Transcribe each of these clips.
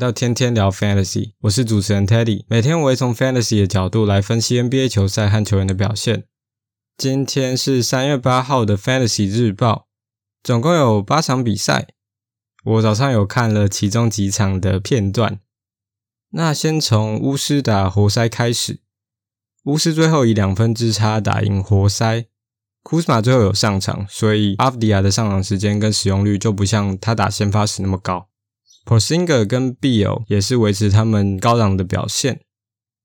到天天聊 Fantasy，我是主持人 Teddy。每天我會從 Fantasy 的角度來分析 NBA 球賽和球員的表現。今天是三月八號的 Fantasy 日報，總共有八場比賽。我早上有看了其中幾場的片段。那先從巫師打活塞開始，巫師最後以兩分之差打贏活塞。庫斯馬最後有上場，所以阿弗迪亞的上場時間跟使用率就不像他打先發時那麼高。Porzingis 跟 Beal 也是維持他們高檔的表現。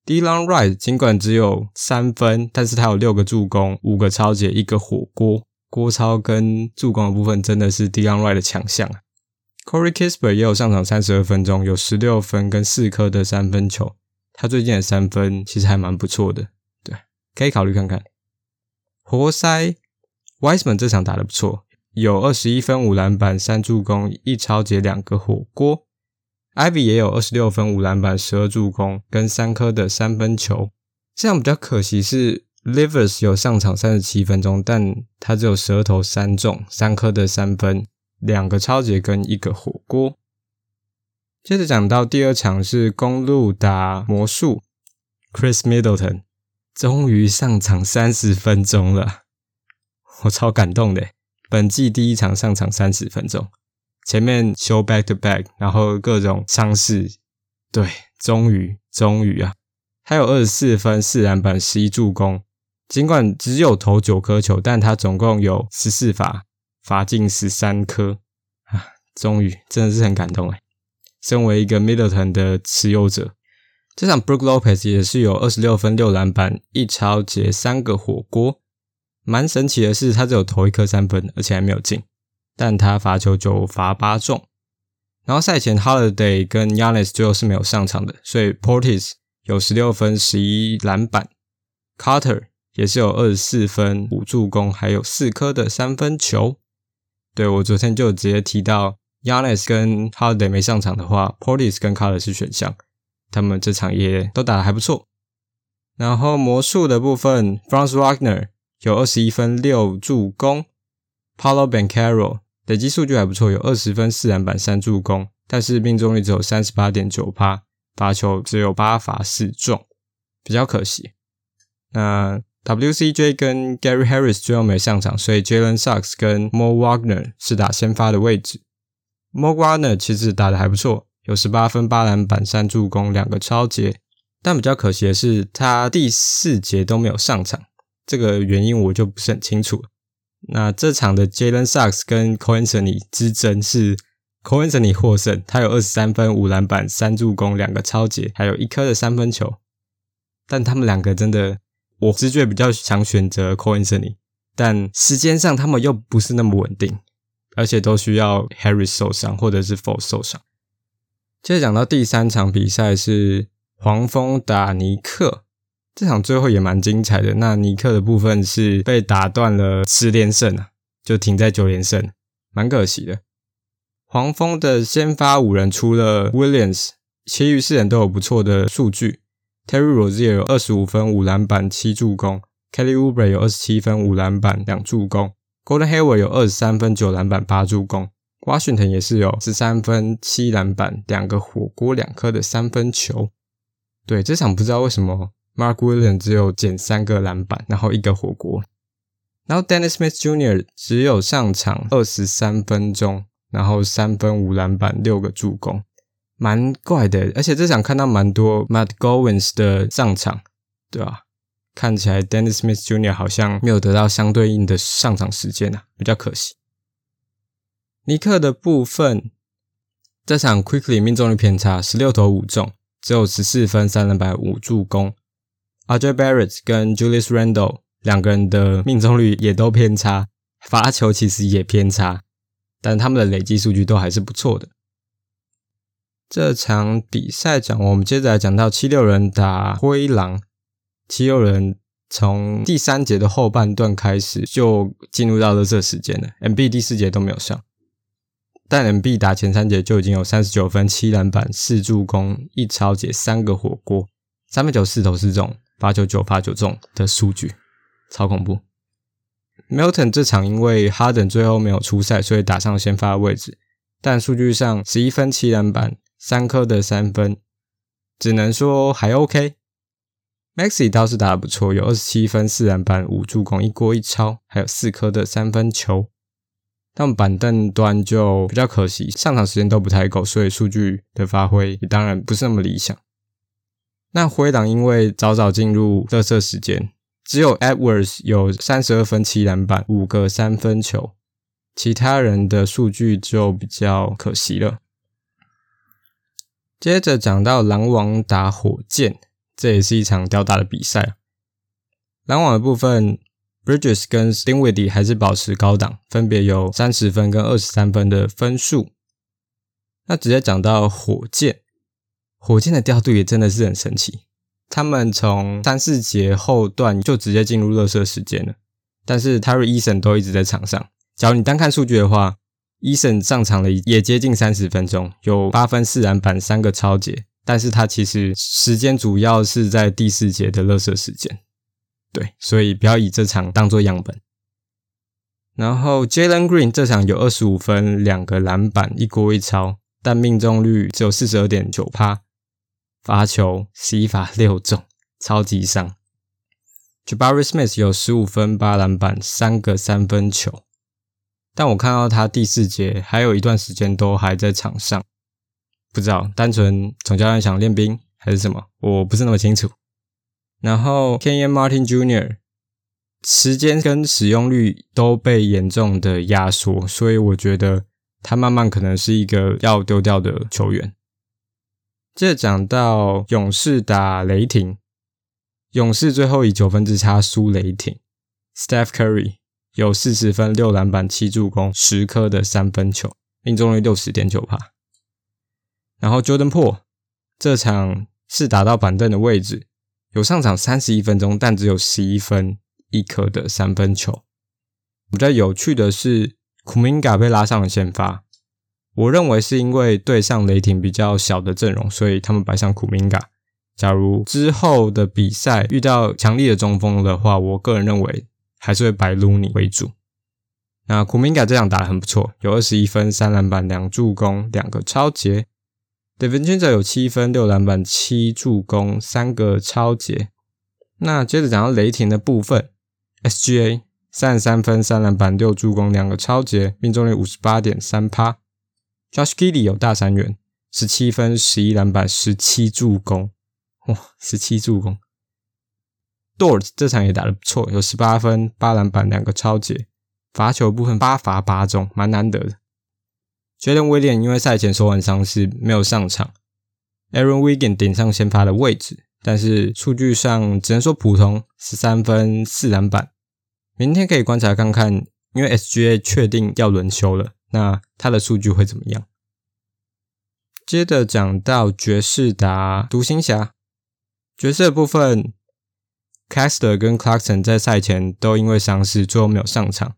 Delon Wright 儘管只有三分，但是他有六個助攻，五個抄截，一個火鍋。郭超跟助攻的部分真的是 Delon Wright 的強項啊。Corey Kispert 也有上場三十二分鐘，有十六分跟四顆的三分球，他最近的三分其實還蠻不錯的，對，可以考慮看看。活塞，Wiseman 這場打得不錯。有二十一分、五籃板、三助攻、一抄截兩個火鍋。Ivy 也有二十六分、五籃板、十二助攻跟三顆的三分球。這樣比較可惜是 Livers 有上場三十七分鐘，但他只有十二投三中，三顆的三分，兩個抄截跟一個火鍋。接着講到第二場是公鹿打魔術，Chris Middleton 終於上場三十分鐘了，我超感動的。本季第一場上場三十分鐘，前面 show back to back，然後各種傷勢，對，終於，終於啊！還有二十四分、四籃板、十一助攻，儘管只有投九顆球，但他總共有十四罰罰進十三顆啊！終於，真的是很感動哎。身為一個 Middleton 的持有者，這場 Brook Lopez 也是有二十六分、六籃板、一抄截、三個火鍋。蠻神奇的是，他只有投一顆三分，而且還沒有進。但他罰球九罰八中。然後賽前，Holiday 跟 Giannis 最後是沒有上場的，所以 Portis 有十六分11板、十一籃板，Carter 也是有二十四分、五助攻，還有四顆的三分球。對，我昨天就直接提到，Giannis 跟 Holiday 沒上場的話，Portis 跟 Carter 是選項，他們這場也都打得還不錯。然後魔術的部分，Franz Wagner。有二十一分、六助攻，Paolo Banchero 累計數據還不錯，有二十分、四籃板、三助攻，但是命中率只有三十八點九趴，罰球只有八罰四中，比較可惜。那 WCJ 跟 Gary Harris 最後沒上場，所以 Jalen Suggs、so、跟 Mo Wagner 是打先發的位置。Mo Wagner 其實打得還不錯，有十八分、八籃板、三助攻、兩個抄截，但比較可惜的是他第四節都沒有上場。這個原因我就不是很清楚了。那這場的 Jalen Suggs、so、跟 Cole Anthony 之爭是 Cole Anthony 獲勝，他有二十三分、五籃板、三助攻、兩個抄截，還有一顆的三分球。但他們兩個真的，我直覺比較想選擇 Cole Anthony，但時間上他們又不是那麼穩定，而且都需要 Harris 受傷或者是 Fultz 受傷。接着講到第三場比賽是黃蜂打尼克。這場最後也蠻精彩的。那尼克的部分是被打斷了十連勝啊，就停在九連勝，蠻可惜的。黃蜂的先發五人除了 Williams，其餘四人都有不錯的數據。Terry Rozier 有二十五分五籃板七助攻，Kelly Oubre 有二十七分五籃板兩助攻，Gordon Hayward 有二十三分九籃板八助攻，Washington 也是有十三分七籃板兩個火鍋兩顆的三分球。對，這場不知道為什麼。Mark Williams 只有撿三個籃板，然後一個火鍋。然後 Dennis Smith Jr. 只有上場二十三分鐘，然後三分五籃板六個助攻，蠻怪的。而且這場看到蠻多 McGowens 的上場，對吧、啊？看起來 Dennis Smith Jr. 好像沒有得到相對應的上場時間啊，比較可惜。尼克的部分，這場 Quickley 命中率偏差十六投五中，只有十四分三籃板五助攻。阿 RJ Barrett 跟 Julius Randle 兩個人的命中率也都偏差，罰球其實也偏差，但他們的累計數據都還是不錯的。這場比賽講完，我們接着來講到七六人打灰狼，七六人從第三節的後半段開始就進入到了垃圾時間了，M B 第四節都沒有上，但 M B 打前三節就已經有三十九分、七籃板、四助攻、一抄截、三個火鍋。三分球四投四中，八九九八九中的數據，超恐怖。Milton 這場因為 Harden 最後沒有出賽，所以打上先發的位置，但數據上十一分七籃板三顆的三分，只能說還 OK。Maxi 倒是打得不錯，有二十七分四籃板五助攻一鍋一抄，還有四顆的三分球。但板凳端就比較可惜，上場時間都不太夠，所以數據的發揮也當然不是那麼理想。那灰狼因為早早進入垃圾時間，只有 Edwards 有三十二分、七籃板、五個三分球，其他人的數據就比較可惜了。接着講到狼王打火箭，這也是一場吊打的比賽。狼王的部分，Bridges 跟 Dinwiddie 還是保持高檔，分別有三十分跟二十三分的分數。那直接講到火箭。火箭的調度也真的是很神奇，他們從三四節後段就直接進入垃圾時間了。但是 Terry Eason 都一直在場上。假如你單看數據的話，Eason 上場了也接近三十分鐘，有八分、四籃板、三個抄截，但是他其實時間主要是在第四節的垃圾時間。對，所以不要以這場當做樣本。然後 Jalen Green 這場有二十五分、兩個籃板、一鍋一抄，但命中率只有四十二點九趴罰球，七罰六中，超級上。Jabari Smith 有十五分、八籃板、三個三分球，但我看到他第四節還有一段時間都還在場上，不知道單純總教練想練兵還是什麼，我不是那麼清楚。然後 Kenyon Martin Jr. 時間跟使用率都被嚴重的壓縮，所以我覺得他慢慢可能是一個要丟掉的球員。接着講到勇士打雷霆，勇士最後以九分之差輸雷霆。Steph Curry 有四十分、六籃板、七助攻、十顆的三分球，命中率六十點九趴。然後 Jordan Poole 這場是打到板凳的位置，有上場三十一分鐘，但只有十一分、一顆的三分球。比較有趣的是，Kuminga 被拉上了先發。我認為是因為對上雷霆比較小的陣容，所以他們擺上庫明加。假如之後的比賽遇到強力的中鋒的話，我個人認為還是會擺盧尼為主。那庫明加這場打得很不錯，有二十一分、三籃板、兩助攻、兩個抄截。迪文森佐有七分、六籃板、七助攻、三個抄截。那接着講到雷霆的部分，S G A 三十三分、三籃板、六助攻、兩個抄截，命中率五十八點三趴。Josh Giddey 有大三元，十七分、十一籃板、十七助攻，哇、哦，十七助攻。Dort 這場也打得不錯，有十八分、八籃板、兩個抄截，罰球部分八罰八中，蠻難得的。Jordan Williams 因為賽前手腕傷勢沒有上場，Aaron Wiggins 頂上先發的位置，但是數據上只能說普通，十三分、四籃板。明天可以觀察看看，因為 SGA 確定要輪休了。那他的數據會怎麼樣？接着講到爵士打獨行俠，角色部分，Kessler 跟 Clarkson 在賽前都因為傷勢，最後沒有上場，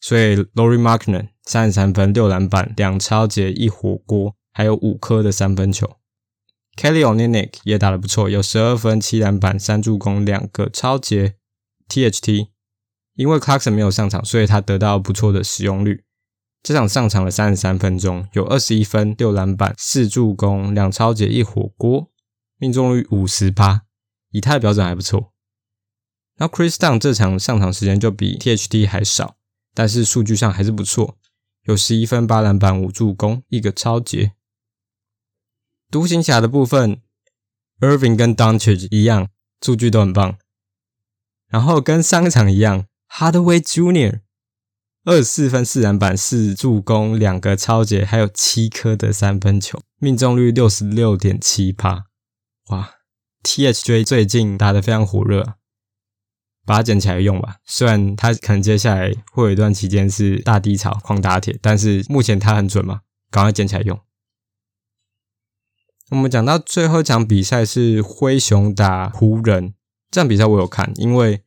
所以 Lauri Markkanen 三十三分六籃板、兩抄截、一火鍋，還有五顆的三分球。Kelly Olynyk 也打得不錯，有十二分七籃板、三助攻、兩個抄截 THT，因為 Clarkson 沒有上場，所以他得到不錯的使用率。這場上場了三十三分鐘，有二十一分、六籃板、四助攻、兩抄截、一火鍋，命中率五十八，以他的標準還不錯。然後 Chris Dunn 這場上場時間就比 T H D 還少，但是數據上還是不錯，有十一分、八籃板、五助攻、一個抄截。獨行俠的部分，Irving 跟 Doncic 一樣，數據都很棒。然後跟上一場一樣，Hardaway Junior。Hard 二十四分四籃板四助攻，兩個抄截，還有七顆的三分球，命中率六十六點七八，哇！THJ 最近打得非常火熱啊，把它撿起來用吧。雖然它可能接下來會有一段期間是大低潮狂打鐵，但是目前它很準嘛，趕快撿起來用。我們講到最後一場比賽是灰熊打湖人，這場比賽我有看，因為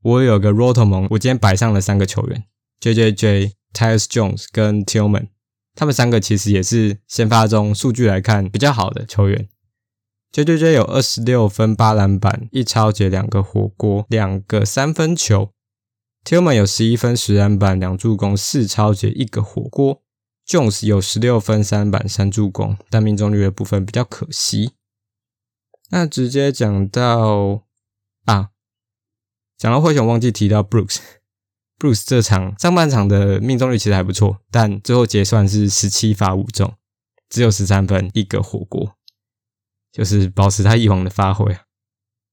我有個 Rotoman，我今天擺上了三個球員。J J J、Tyus Jones 跟 Tillman，他們三個其實也是先發中數據來看比較好的球員。J J J 有二十六分八籃板一抄截兩個火鍋兩個三分球，Tillman 有十一分十籃板兩助攻四抄截一個火鍋，Jones 有十六分三板三助攻，但命中率的部分比較可惜。那直接講到啊，講到灰熊，忘記提到 Brooks。Bruce 這場上半場的命中率其實還不錯，但最後結算是十七發五中，只有十三分，一個火鍋，就是保持他以往的發揮。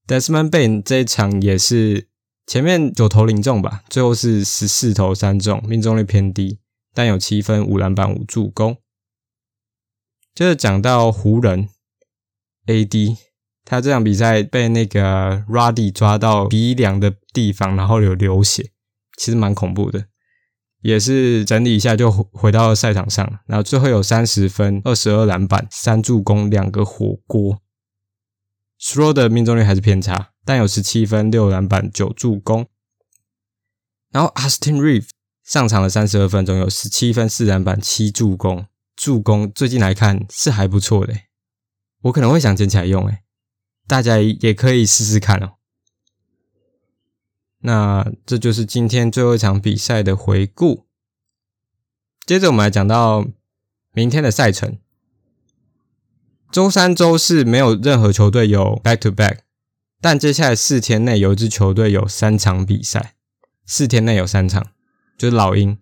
Desmond Bane 這一場也是前面九投零中吧，最後是十四投三中，命中率偏低，但有七分五籃板五助攻。就是講到湖人 AD，他這場比賽被那個 Rudy 抓到鼻梁的地方，然後有流血。其實蠻恐怖的，也是整理一下就回到了賽場上。然後最後有三十分、二十二籃板、三助攻、兩個火鍋。Schroder 命中率還是偏差，但有十七分、六籃板、九助攻。然後 Austin Reeves 上場了三十二分鐘，有十七分、四籃板、七助攻，助攻最近來看是還不錯的，我可能會想撿起來用誒，大家也可以試試看哦。那這就是今天最後一場比賽的回顧。接着我們來講到明天的賽程。週三、週四沒有任何球隊有 back to back，但接下來四天內有一支球隊有三場比賽，四天內有三場，就是老鷹。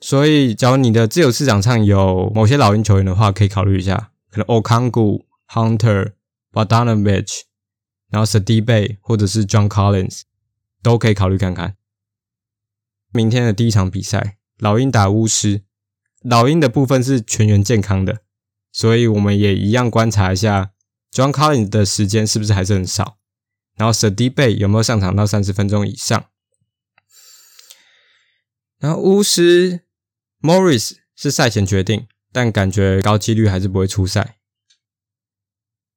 所以，假如你的自由市場上有某些老鷹球員的話，可以考慮一下，可能 o k a n g u Hunter、Badanovic，h 然後 Sadie Bay 或者是 John Collins。都可以考慮看看。明天的第一場比賽，老鷹打巫師。老鷹的部分是全員健康的，所以我們也一樣觀察一下 John Collins 的時間是不是還是很少，然後史迪貝有沒有上場到三十分鐘以上。然後巫師 Morris 是賽前決定，但感覺高幾率還是不會出賽。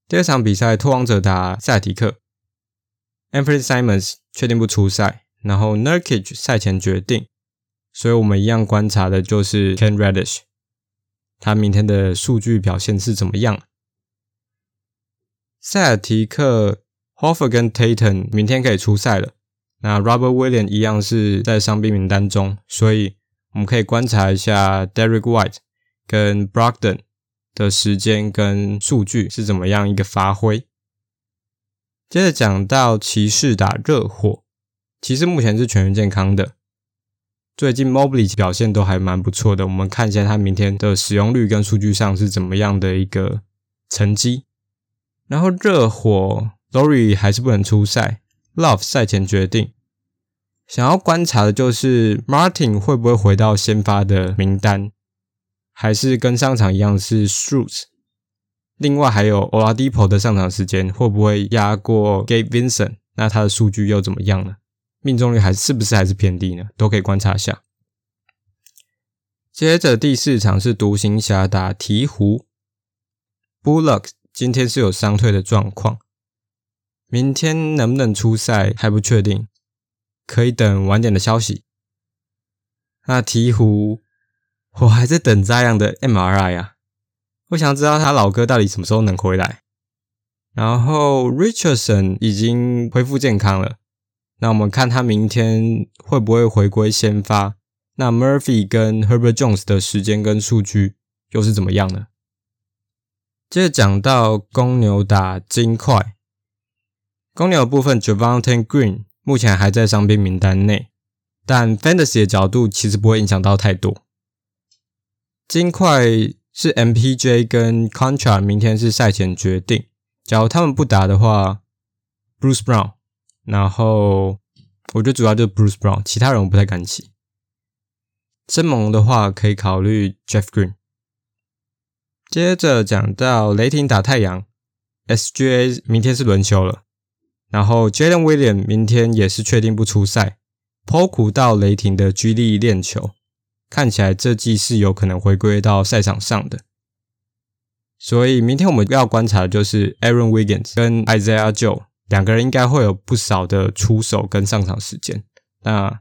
第二場比賽，拓荒者打塞爾提克。Anfernee Simons 確定不出賽，然後 Nurkic 賽前決定，所以我們一樣觀察的就是 Ken Radish，他明天的數據表現是怎麼樣？塞爾提克 Horford 跟 Tatum 明天可以出賽了，那 Robert Williams 一樣是在傷病名單中，所以我們可以觀察一下 Derrick White 跟 Brogdon 的時間跟數據是怎麼樣一個發揮。接着講到騎士打熱火，其實目前是全員健康的，最近 Mobley 表現都還蠻不錯的，我們看一下他明天的使用率跟數據上是怎麼樣的一個成績。然後熱火 Lowry 還是不能出賽，Love 賽前決定，想要觀察的就是 Martin 會不會回到先發的名單，還是跟上場一樣是 Strus。另外還有奧拉迪波的上場時間會不會壓過 Gabe Vincent 那他的數據又怎麼樣呢？命中率還是,是不是還是偏低呢？都可以觀察一下。接着第四場是獨行俠打鹈鶘，Bullock 今天是有傷退的狀況，明天能不能出賽還不確定，可以等晚點的消息。那鹈鶘，我還在等扎樣的 MRI 啊。我想知道他老哥到底什麼時候能回來。然後 Richardson 已經恢復健康了，那我們看他明天會不會回歸先發？那 Murphy 跟 Herbert Jones 的時間跟數據又是怎麼樣呢？接着講到公牛打金塊。公牛的部分 Javonte Green 目前還在傷病名單內，但 Fantasy 的角度其實不會影響到太多。金塊。是 MPJ 跟 Contra，明天是賽前決定。假如他們不打的話，Bruce Brown，然後我覺得主要就是 Bruce Brown，其他人我不太敢騎。真萌的話可以考慮 Jeff Green。接着講到雷霆打太陽，SGA 明天是輪休了，然後 Jalen Williams 明天也是確定不出賽，Poku 到雷霆的 GD 練球。看起來這季是有可能回歸到賽場上的，所以明天我們要觀察的就是 Aaron Wiggins 跟 Isaiah Joe 兩個人，應該會有不少的出手跟上場時間。那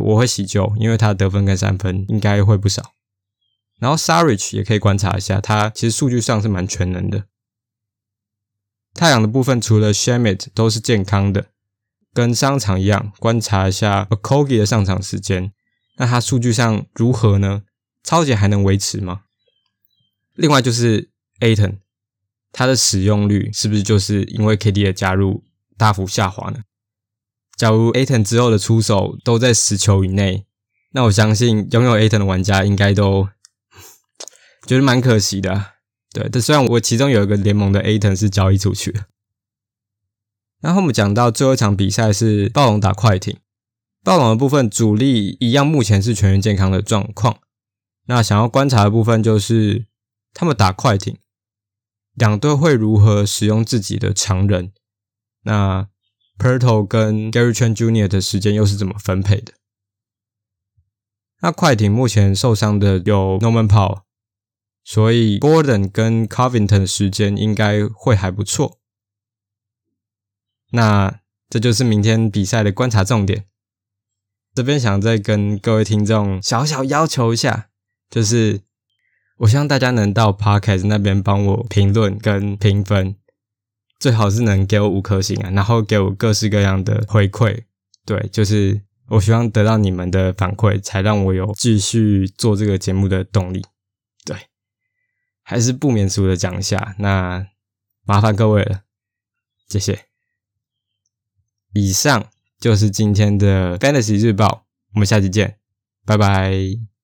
我會喜 Joe，因為他得分跟三分應該會不少。然後 Sarich 也可以觀察一下，他其實數據上是蠻全能的。太陽的部分除了 Shamet 都是健康的，跟上場一樣，觀察一下 Okogie 的上場時間。那它數據上如何呢？超級還能維持嗎？另外就是 Ayton 它的使用率是不是就是因為 KD 的加入大幅下滑呢？假如 Ayton 之後的出手都在十球以內，那我相信擁有 Ayton 的玩家應該都覺得蠻可惜的啊。對，但雖然我其中有一個聯盟的 Ayton 是交易出去了。然後我們講到最後一場比賽是暴龍打快艇。爆冷的部分主力一樣，目前是全員健康的狀況。那想要觀察的部分就是他們打快艇，兩隊會如何使用自己的強人？那 Pertl 跟 Gary Trent Junior 的時間又是怎麼分配的？那快艇目前受傷的有 Norman Powell。所以 Borden 跟 Covington 的時間應該會還不錯。那這就是明天比賽的觀察重點。這邊想再跟各位聽眾小小要求一下，就是我希望大家能到 Podcast 那邊幫我評論跟評分，最好是能給我五顆星啊，然後給我各式各樣的回饋。對，就是我希望得到你們的反饋，才讓我有繼續做這個節目的動力。對，還是不免俗的講一下，那麻煩各位了，謝謝。以上。就是今天的《Fantasy 日報》，我們下期見，拜拜。